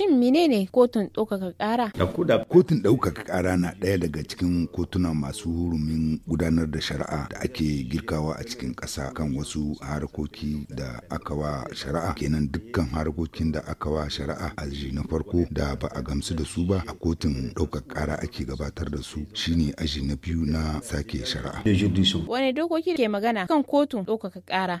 Shin menene kotun ɗaukaka ƙara? Kotun ɗaukaka ƙara na ɗaya daga cikin kotuna masu hurumin gudanar da shari'a da ake girkawa a cikin ƙasa kan wasu harkoki da aka wa shari'a kenan dukkan harkokin da aka wa shari'a a na farko da ba a gamsu da su ba a kotun ɗaukaka ƙara ake gabatar da su shine aji na biyu na sake shari'a. Wane dokoki ke magana kan kotun ɗaukaka ƙara?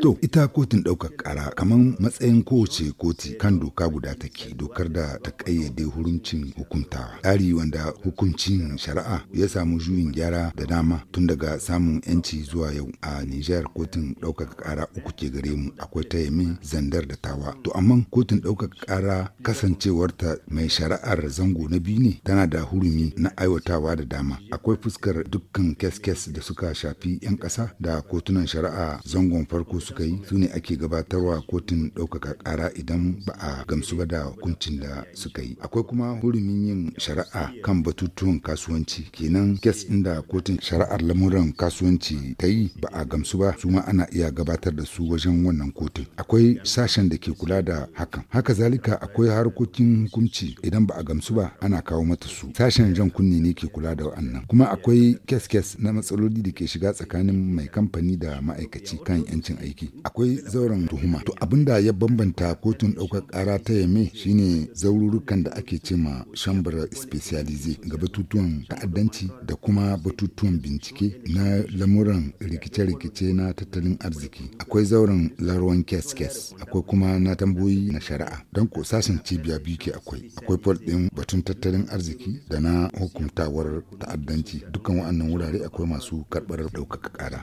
To ita kotun ɗaukaka ƙara kamar matsayin kowace koti kan doka guda take. aiki dokar da ta ƙayyade hurumcin hukuntawa. Tsari wanda hukuncin shari'a ya samu juyin gyara da dama tun daga samun 'yanci zuwa yau a Nijar kotun ɗaukaka ƙara uku ke gare mu akwai ta yamin zandar da tawa. To amma kotun ɗaukaka ƙara kasancewarta mai shari'ar zango na biyu ne tana da hurumi na aiwatawa da dama. Akwai fuskar dukkan kes-kes da suka shafi 'yan ƙasa da kotunan shari'a zangon farko suka yi su ne ake gabatarwa kotun ɗaukaka ƙara idan ba a gamsu ba da hukuncin da suka yi akwai kuma hurumin yin shari'a kan batutuwan kasuwanci kenan kes ɗin da kotun shari'ar lamuran kasuwanci ta yi ba a gamsu ba su ma ana iya gabatar da su wajen wannan kotun akwai sashen da ke kula da hakan haka zalika akwai harkokin hukunci idan ba a gamsu ba ana kawo mata su sashen jan kunne ne ke kula da wannan kuma akwai kes-kes na matsaloli da ke shiga tsakanin mai kamfani da ma'aikaci kan yancin aiki akwai zauren tuhuma to abin da ya bambanta kotun ɗaukar ƙara ta yame shine zaururukan da ake cema shambara specialize ga batutuwan ta'addanci da kuma batutuwan bincike na lamuran rikice-rikice na tattalin arziki akwai zauren larwan kes-kes akwai kuma na tambayoyi na shari'a don ko sashen cibiya biyu ke akwai akwai fol ɗin batun tattalin arziki da na hukuntawar ta'addanci dukkan wa'annan wurare akwai masu karbar daukaka kara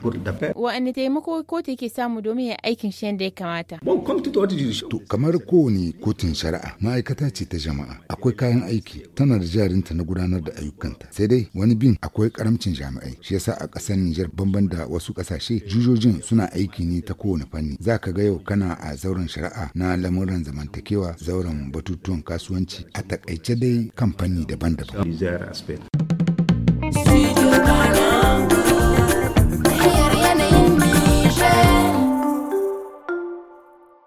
Wa'anne taimako kotu ke samu domin ya aikin shi yadda ya kamata? To kamar kowane kotun shari'a ma'aikata ce ta jama'a akwai kayan aiki tana da jarinta na gudanar da ayyukanta sai dai wani bin akwai karamcin jami'ai shi yasa a ƙasar Nijar bamban da wasu ƙasashe jujojin suna aiki ne ta kowane fanni za ka ga yau kana a zauren shari'a na lamuran zamantakewa zauren batutuwan kasuwanci a takaice dai kamfani daban-daban. Studio